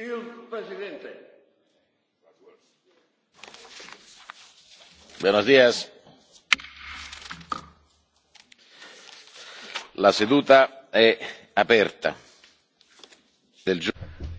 Il presidente. Buenos días. La seduta è aperta. Del